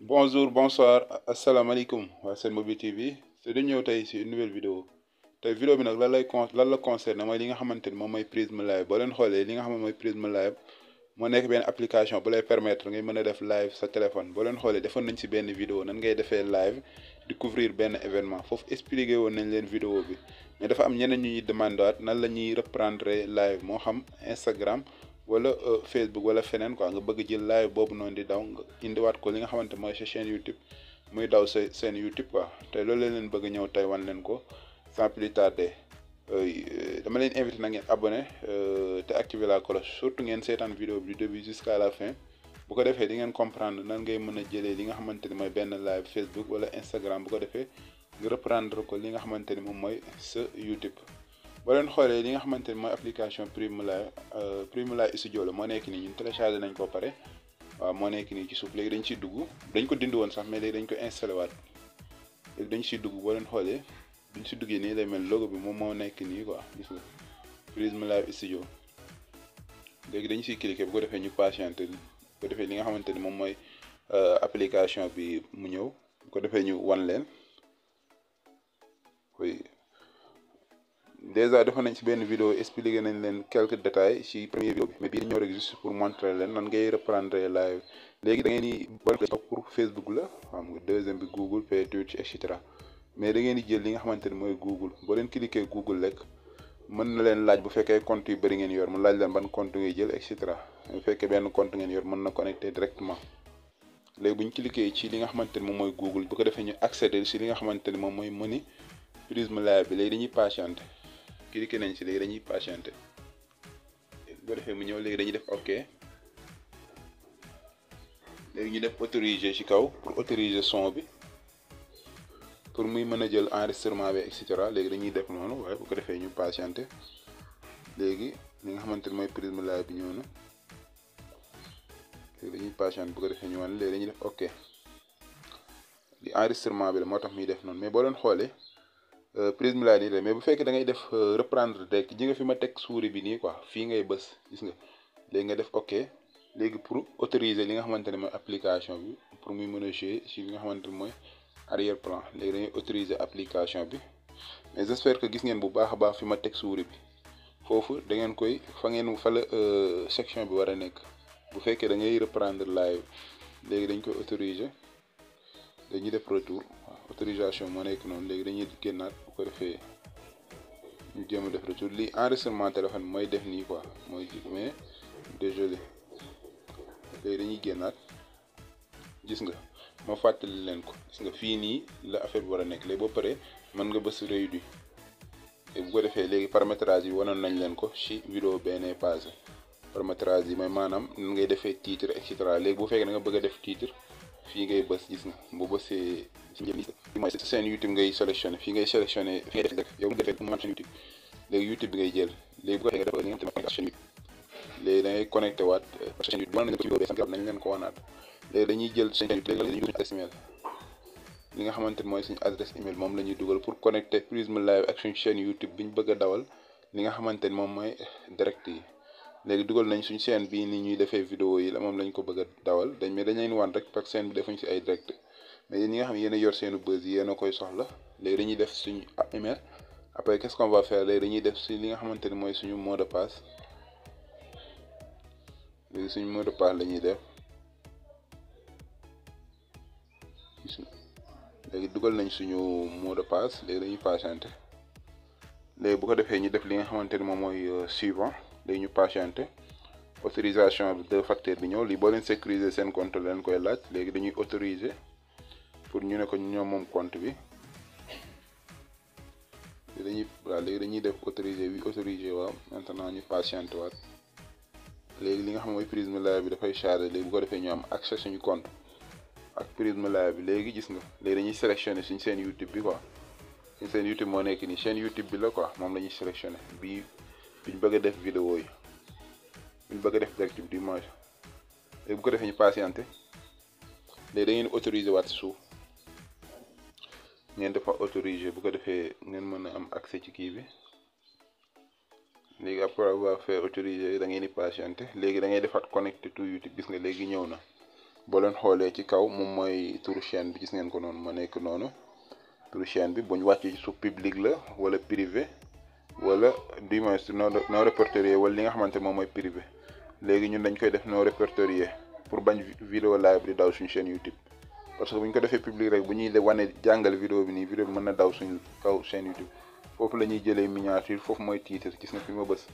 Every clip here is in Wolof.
bonjour bonsoir asalaamaaleykum waa seen mobile tv te dañu ñëw tey une nouvelle vidéo tey vidéo bi nag lan lay con lan la concerne mooy li nga xamante ni moom live boo leen xoolee li nga xam ne mooy Prism live moo nek benn application bu lay permettre ngay mën a def live sa téléphone boo leen xoolee defoon nañ si benn vidéo nan ngay faire live di couvrir événement Faut expliquer woon nañ une vidéo bi mais dafa am ñeneen une ñuy demandewaat nan la reprendre live moo xam Instagram. wala euh, Facebook wala feneen quoi nga bëgg jël live boobu noonu di daw nga indiwaat ko li nga xamante mooy sa chaîne YouTube muy daw sa seen YouTube quoi te loolu la leen bëgg ñëw tey wan leen ko sans plus euh, dama leen invité na ngeen abonné euh, te activer la cloche surtout ngeen seetaan vidéo bi du début jusqu'à la fin bu ko defee di ngeen comprendre nan ngay mën a jëlee li nga xamante ni mooy benn live Facebook wala Instagram bu ko defee nga reprendre ko li nga xamante ni moom mooy sa YouTube. ba leen xoolee li nga xamante ni mooy application Primula euh, Primula Studio la moo nekk nii ñun téléchargé nañ ko pare waaw moo nekk nii ci suuf léegi dañu ciy dugg dañ ko dindi woon sax mais dañ ko installé waat dañ ciy dugg boo leen xoolee buñ si duggee nii lay mel logo bi moom moo nekk nii quoi gis nga Primula Studio léegi dañ siy cliqué bu ko defee ñu patienté bu ko defee li nga xamante ni moom mooy euh, application bi mu ñëw bu ko defee ñu wan leen. déjà defoon nañ ci benn vidéo expliqué nañ leen quelques détails ci premier vidéo bi mais bii ñëw rek pour montrer leen nan ngay reprendre live léegi da ngeen di bari pour Facebook la xam nga deuxième bi Google pay Twitch mais da ngeen di jël li nga xamante ni mooy Google boo leen cliquer Google rek mën na leen laaj fekkee compte yu bëri ngeen yor mu laaj leen ban compte ngay jël et cetera bu fekkee benn compte yor mën na connecté directement léegi bu ñu cliquer ci li nga xamante ni moom mooy Google bu ko defee ñu accéder ci li nga xamante ni moom mooy Money Prism Live bi léegi dañuy patienter. cliqué nañ si léegi dañuy patienté bu ko defee mu ñëw léegi dañuy def ok léegi ñu def autoriser ci kaw autoriser son bi pour muy mën a jël enregistrement bi et léegi dañuy def noonu waaye bu ko defee ñu patienté léegi li nga xamante ne mooy Prism Live bi ñëw na léegi dañuy patienté bu ko defee ñu wan léegi dañuy def ok li enregistrement bi la moo tax muy def noonu mais boo doon xoolee. Euh, prise mi laa nii la mais bu fekkee da ngay def euh, reprendre dekk ji nga fi ma teg suuri bi nii quoi fii ngay bës gis nga léegi nga def ok léegi pour autoriser li nga xamante ne mooy application bi pour muy mën a si li nga xamante ne mooy arrière léegi dañuy autoriser application bi mais que gis ngeen bu baax a baax fi ma teg souris bi foofu da ngeen koy fa ngeen fa la euh, section bi war a nekk bu fekkee da reprendre live léegi dañ koy autoriser dañuy def retour autorisation moo nekk noonu léegi dañuy génnaat bu ko defee ñu jéem a def retour lii enregistrement téléphone mooy def nii ko mooy mais désolé léegi dañuy génnaat gis nga ma fàttali leen ko gis nga fii nii la affaire bi war nekk léegi ba pare mën nga bës réduit te bu ko defee léegi paramétrage yi wanoon nañ leen ko ci vidéo benee passé paramétrage yi mooy maanaam nan ngay defee titre et cetera léegi bu fekkee da nga bëgg a def titre. fii ngay bës gis nga bu bësee mooy seen YouTube ngay sélectionné fii ngay sélectionné fii ngay def yow defee mu mën seen YouTube léegi bi ngay jël léegi bu ko defee nga def li nga xamante ne mooy chaîne YouTube léegi da ngay connecté waat euh, chaîne ko ko wanaat léegi dañuy jël chaîne YouTube léegi dañuy nga xamante ne mooy suñu adresse email moom la ñuy dugal pour connecter Prism Live ak suñu chaîne YouTube bi ñu bëgg a dawal li nga xamante ne moom mooy direct yi léegi dugal nañ suñ chaîne bi ni ñuy defee vidéo yi la moom lañ ko bëgg a dawal dañ mais dañ leen wan rek parce que chaîne bi defuñ si ay direct mais yéen ñi nga xam ne yéen a yor seenu buzz yi yéen a koy soxla léegi dañuy def suñ email après qu'est-ce qu'on va faire léegi dañuy def si li nga xamante ni mooy suñu mot de passe léegi suñu mot de passe la ñuy def léegi dugal nañ suñu mot de passe léegi dañuy patienter léegi bu ko defee ñu def li nga xamante ni moom mooy euh, suivant léegi ñu patienté autorisation de facteur bi ñëw lii boo leen sécuriser seen compte leen koy laaj léegi dañuy autoriser pour ñu ne ko ñoom moom compte bi dañuy waaw léegi dañuy def autoriser bi autoriser waaw maintenant ñu patienté waat léegi li nga xam mooy Prism Live bi dafay chargé léegi bu ko defee ñu am accès suñu compte ak Prism Live bi léegi gis nga léegi dañuy sélectionné suñu seen YouTube bi quoi suñu seen YouTube moo nekk nii seen YouTube bi la quoi moom la ñuy sélectionné bii. duñ bëgg def vidéo yi duñ bëgg def direct bi bu ko defee ñu patienté léegi da ngeen autorisé waat suuf ngeen dafa autorisé bu ko defee ngeen mën a am accès ci kii bi léegi après avoir fait autorisé da ngeen di patienté léegi da ngay defaat connecté tout YouTube gis nga léegi ñëw na boo leen xoolee ci kaw moom mooy turu chaîne bi gis ngeen ko noonu ma nekk noonu turu chaîne bi bu ñu wàccee ci suuf public la wala privé wala du moins non no répertorié wala li nga xamante moom mooy privé léegi ñun dañ koy def non répertorié pour bañ vidéo live di daw suñu chaîne YouTube parce que bu ñu ko defee public rek bu ñuy wane jàngal vidéo bi nii vidéo bi mën na daw suñu kaw chaîne YouTube foofu la ñuy jëlee miniature foofu mooy titre gis na fi ma bës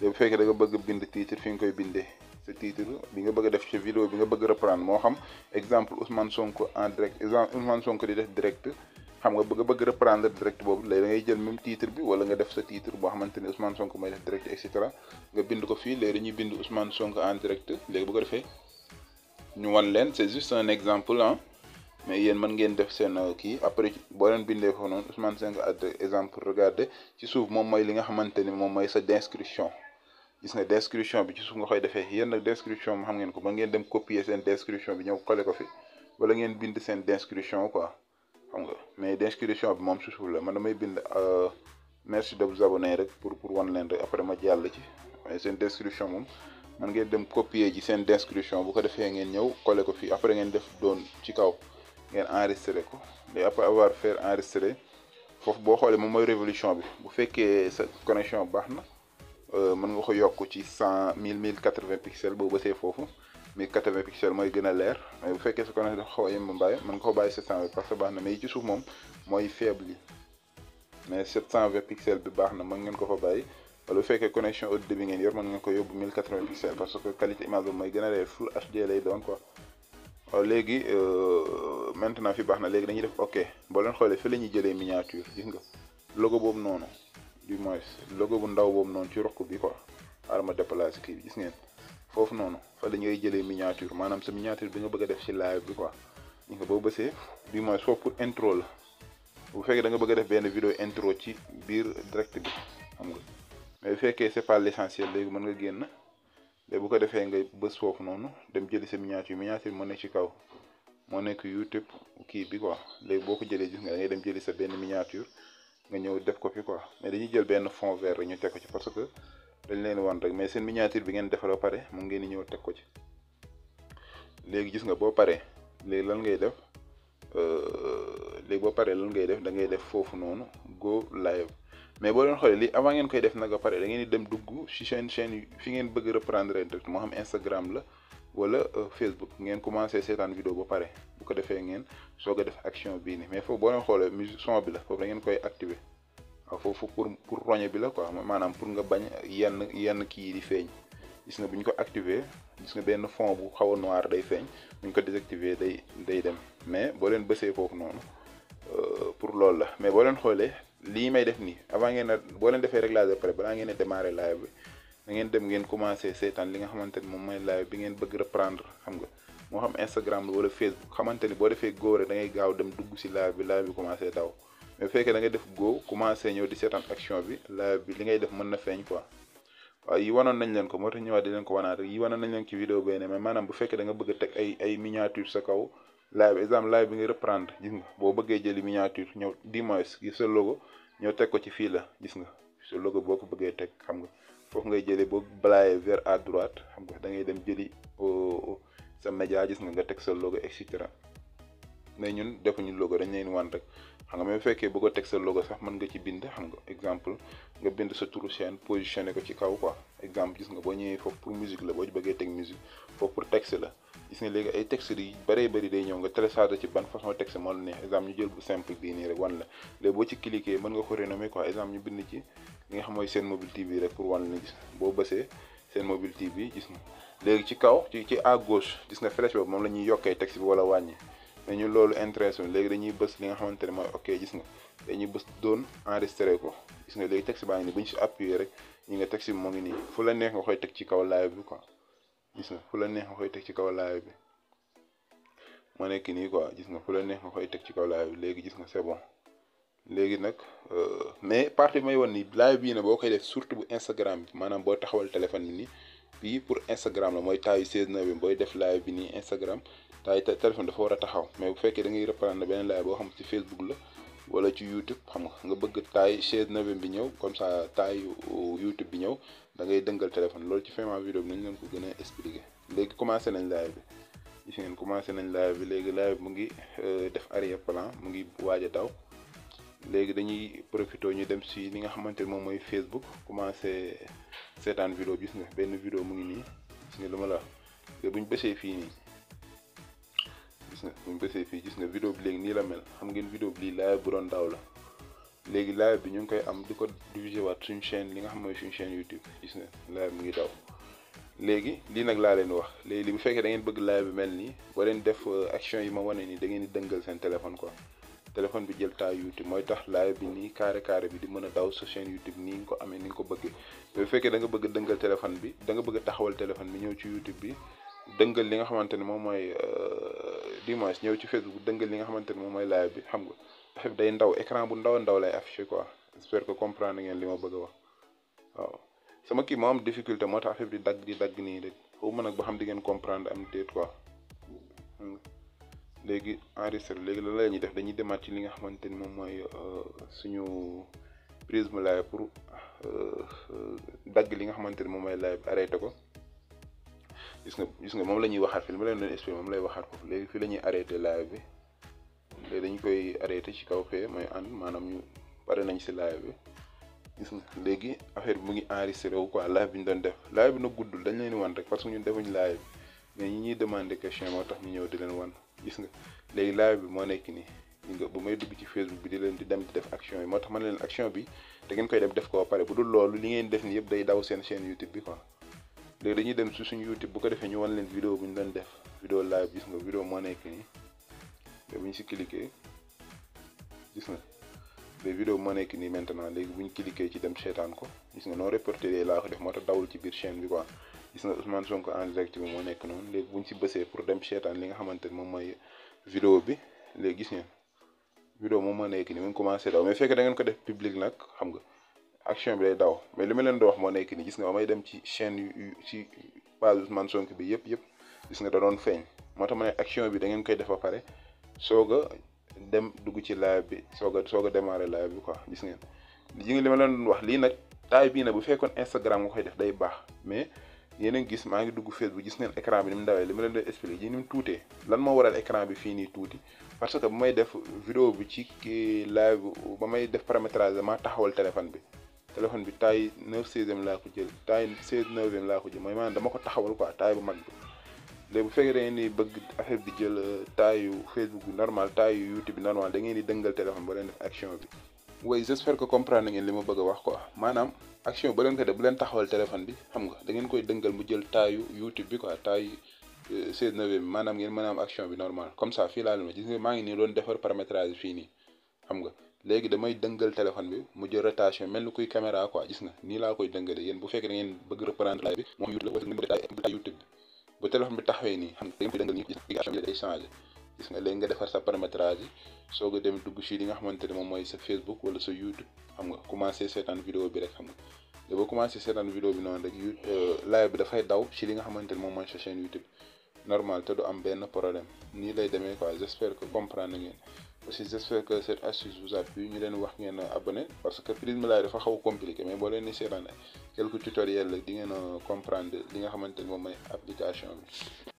bu fekkee da nga bëgg bind titre fi nga koy bindee sa titre bi nga bëgg a def ci vidéo bi nga bëgg reprendre moo xam exemple Ousmane Sonko en direct exemple Ousmane Sonko di def direct xam nga bëgg bëgg reprendre direct boobu léegi da ngay jël même titre bi wala nga def sa titre boo ne Ousmane Sonko may def direct et nga bind ko fii léegi dañuy bind Ousmane Sonko en direct léegi bu ko defee leen c'est juste un exemple ah mais yéen mën ngeen def seen euh, kii après boo leen bindee foofu noonu Ousmane Sonko exemple regardez ci suuf moom mooy li nga xamante ni moom mooy sa description gis nga description bi ci suuf nga koy defee yéen nag description mo xam ngeen ko ba ngeen dem copier seen description bi ñëw coller ko fi wala ngeen bind seen description quoi xam nga mais d'inscription bi moom si suuf la man damay bind euh, merci de vous rek pour pour wan leen rek après ma jàll ci seen description moom man ngeen dem copier ji seen description bu ko defee ngeen ñëw kole ko fii après ngeen def doon ci kaw ngeen en enregistré ko léegi après avoir en enregistré foofu boo xoolee moom mooy révolution bi bu fekkee sa connexion baax na euh, mën nga ko yokk ci cent mille mille quatre-vingts pixels boo see foofu. 1080 pixels mooy gën leer mais bu fekkee sa connexion dafa xaw mais yi ci suuf moom mooy faible mais 720 pixels bi baax na mën ngeen ko fa bàyyi wala bu fekkee connexion haute débit ngeen yor ngeen ko yóbbu 1080 pixels parce que qualité image bi mooy gën leer full HD lay e doon quoi léegi maintenant fi baax na léegi dañu def ok boo leen xoolee fi la ñuy jëlee miniature gis nga logo boobu noonu du moins logo bu ndaw boobu noonu ci roq bi ko arma déplacé kii bi gis ngeen foofu noonu fa la ngay jëlee miniature maanaam sa miniature bi nga bëgg a def ci live bi quoi ñu nga boo bësee du moins foofu pour intro la bu fekkee da nga bëgg a def benn vidéo intro ci biir direct bi xam nga mais bu fekkee c'est pas l'essentiel léegi mën nga génn léegi bu ko defee nga bës foofu noonu dem jëli sa miniature miniature moo ci kaw moo nekk YouTube kii bi quoi léegi boo ko jëlee gis nga da ngay dem jëli sa benn miniature nga ñëw def ko fi quoi mais dañuy jël benn fond vert ñu teg ci parce que dañ leen wan rek mais seen miniature bi ngeen defar ba pare mu ngeen di ñëw teg ko ci léegi gis nga boo pare léegi lan ngay def euh, léegi boo paree lan ngay def da ngay def foofu noonu go live mais boo leen xoolee li avant ngeen koy def nag ba pare da ngeen dem dugg ci seen chaîne fi ngeen bëgg reprendre direct moo xam Instagram la wala euh, Facebook ngeen commencé seetaan vidéo ba pare bu ko defee ngeen soog a def action bii ni mais foofu boo leen xoolee musique son bi la foofu da ngeen koy activer. foofu pour pour roñe bi la quoi maanaam pour nga bañ yenn yenn kii di feeñ gis nga bu ñu ko activer gis nga benn fond bu xaw a noir day feeñ bu ñu ko désactiver day day dem mais boo leen bësee foofu noonu euh, pour loolu la mais boo leen xoolee lii may def nii avant ngeen a boo leen defee réglage ba pare balaa ngeen a démarrer live bi da ngeen dem ngeen commencé seetaan li nga xamante ni moom mooy live bi ngeen bëgg reprendre xam nga moo xam Instagram la wala Facebook xamante ni boo defee góore da gaaw dem dugg si live bi live bi commencé daw. mais bu da nga def go commencé ñëw di seetaan action bi la bi li ngay def mën na feeñ quoi waaw yi wanoon nañ leen ko moo tax ñëwaat di leen ko wanaat yi wanoon nañ leen ci vidéo beneen mais maanaam bu fekkee da nga bëgg a ay ay miniature sa kaw live exemple live bi nga reprendre gis nga boo bëggee jëli miniature ñëw di moins gis sa logo ñëw teg ko ci fii la gis nga sa logo boo ko bëggee teg xam nga foofu ngay jëlee boo balaayee vers à droite xam nga da ngay dem jëli sa média gis nga nga teg sa logo et cetera mais ñun defuñu logo dañ leen waan rek xam nga même fekkee bëgg a teg sa logo sax mën nga ci bind xam nga exemple nga bind sa turu chaîne positionné ko ci kaw quoi exemple gis nga boo ñëwee foofu pour musique la boo ci bëggee teg musique foofu pour texte la gis bëri day ñëw nga télécharge ci ban façon texte moo la neex exemple ñu jël bu simple bii nii rek wan la léegi boo ci cliquer mën nga ko renommer quoi exemple ñu ci mooy seen mobile TV rek pour wan la gis boo bësee seen mobile TV gis nga léegi ci kaw ci ci à gis nga flèche boobu moom la ñuy yokkee texte bi wala wàññi mais loolu intéressé léegi dañuy bës li nga xamante ne mooy ok gis nga dañuy bës doon enregistré ko gis nga léegi texte baa ngi nii bu ñu si appuyé rek ñu nga texte moo ngi nii fu la neex nga koy teg ci kaw live bi quoi gis nga fu la neex koy teg ci kaw live bi moo nekk nii ko gis nga fu la neex nga koy teg ci kaw live bi léegi gis nga c'est léegi nag euh, mais partie bi may wan ni live bii ne boo koy def surtout bu Instagram bi maanaam boo taxawal téléphone bi nii fii pour Instagram la mooy taayu 16 9 booy def live bi nii Instagram taayu téléphone dafa war a taxaw mais bu fekkee da ngay reprendre beneen live boo xam ci Facebook la wala ci YouTube xam nga nga bëgg taayu 16 9 bi ñëw comme ça taayu YouTube bi ñëw da ngay dëngal téléphone loolu ci vraiment vidéo bi nañ leen ko gën a expliquer léegi commencé nañ live bi. gis ngeen commencé nañ live bi léegi live mu ngi euh, def arrière plan mu ngi waaj a daw léegi dañuy profité ñu dem si li nga xamante ne moom mooy Facebook commencé. seetaan vidéo gis nga benn vidéo mu ngi nii gis lu ma la wax ñu bësee fii nii gis nga buñ bësee fii gis nga vidéo bi léegi nii la mel xam ngeen vidéo bi lii live bu doon daw la léegi live bi ñu ngi koy am di ko divisé wat suñu chaîne li nga xam mooy suñu chaîne YouTube gis nga live mu ngi daw léegi lii nag laa leen wax léegi li bu fekkee dangeen bëgg live bi mel nii boo leen def euh, action yi ma wane nii da ngeen di dëngal seen téléphone ko téléphone bi jël taa YouTube mooy tax live bi nii carré carré bi di mën a daw sa YouTube nii ko amee ni nga ko bëggee bu fekkee danga nga bëgg a dëngal téléphone bi da nga bëgg a taxawal téléphone bi ñëw ci YouTube bi dëngal li nga xamante ne moom mooy euh, dimanche ñëw ci Facebook dëngal li nga xamante ne moom mooy live bi xam nga affaire day ndaw écran bu ndaw ndaw lay affiché quoi j'espère ko comprendre ngeen li ma bëgg wax sama kii moo am difficulté moo tax affaire di dagg di dagg nii rek xaw ma nag ba xam di ngeen comprendre am déet quoi. léegi enregistré léegi lan la ñuy def dañuy demaat ci li nga xamante ni moom mooy euh, suñu prisme live pour euh, dagg li nga xamante ni moom mooy live arrêté ko gis nga gis nga moom la ñuy waxaat fi li ma leen doon expliqué moom lay waxaat foofu léegi fii la ñuy arrêté bi léegi dañ koy arrêté ci kaw fee mooy ànd maanaam ñu pare nañ si live bi gis nga léegi affaire bi mu ngi enregistré wu quoi live bi ñu doon def live bi nag guddul dañ leen wan rek parce que ñun defuñ live mais ñi ñuy demande question moo tax ñu ñëw di leen wan. gis nga léegi live bi moo nekk nii nga bu may dugg ci Facebook bi di leen di dem di def action yi moo tax ma ne leen action bi da ngeen koy dem def ko ba pare bu dul loolu li ngeen def ni yëpp day daw seen chaîne YouTube bi quoi léegi dañuy dem su suñu YouTube bu ko defee ñu wan leen vidéo bu ñu doon def vidéo live gis nga vidéo moo nekk nii si cliquer gis nga léegi vidéo moo nekk nii maintenant léegi bu ñu cliquer ci dem seetaan ko gis nga non reporté laa ko def moo tax dawul ci biir chaîne bi ko gis na Ousmane Sonko en direct moo nekk noonu léegi buñ si bësee pour dem seetaan li nga xamante ne moom mooy vidéo bi léegi gis ngeen vidéo moom moo nekk ni mu commencé daw mais fekk da ngeen ko def public nag xam nga action bi day daw mais li ma leen di wax moo nekk ni gis nga may dem ci chaîne yu ci page Ousmane Sonko bi yëpp yëpp gis nga da doon feeñ moo tax ma action bi da ngeen koy def ba pare soog a dem dugg ci live bi soog a soog a démarrer live bi ko gis ngeen li nga li ma leen doon wax lii nag taay bii nag bu fekkoon Instagram nga koy def day baax mais yéen a gis maa ngi dugg Facebook gis neen écran bi ni mu ndawee li ma leen doon expliqué ni mu tuutee lan moo waral écran bi fii nii tuuti parce que bu may def vidéo bi ci live ba may def paramétrage taxawal téléphone bi téléphone bi taille neuf seizième laa ko jël taille seize neuvième laa ko jël mooy maanaam dama ko taxawal quoi taille bu mag bi léegi bu fekkee da ngeen di bëgg affaire bi jël taille yu Facebook bi normal taille yu YouTube bi normal da ngeen di dëngal téléphone ba leen def action bi way j'espère que comprendre ngeen li ma bëgg a wax quoi maanaam action ba leen ko def bu leen taxawal téléphone bi xam nga da ngeen koy dëngal mu jël taayu youtube bi quoi euh, ngeen mën a bi normal comme ça fii laa ngi nii doon defar paramétrage fii nii xam nga léegi damay dëngal téléphone bi mu jël rotation mel ni kuy caméra quoi gis na nii laa koy dëngale yéen bu fekkee da ngeen bëgg reprendre live bi moom youtube la wala bi bu téléphone bi taxawee nii xam nga da dëngal nii gis gis nga léegi nga defar sa paramétrage yi soo ko dem dugg li nga xamante ne moom mooy sa Facebook wala sa YouTube xam nga commencé seetaan vidéo bi rek xam nga bi noonu rek euh, live bi li nga xamante ne moom mooy sa chaîne YouTube normal am benn problème nii lay demee quoi j'espère que comprendre ngeen aussi j'espère que cette astuce vous a plu ñu leen wax ngeen abonné parce que Prisme Live dafa xaw compliqué mais boo leen di seetaan quelques tutoriels la di ngeen comprendre li nga xamante ne moom mooy application bi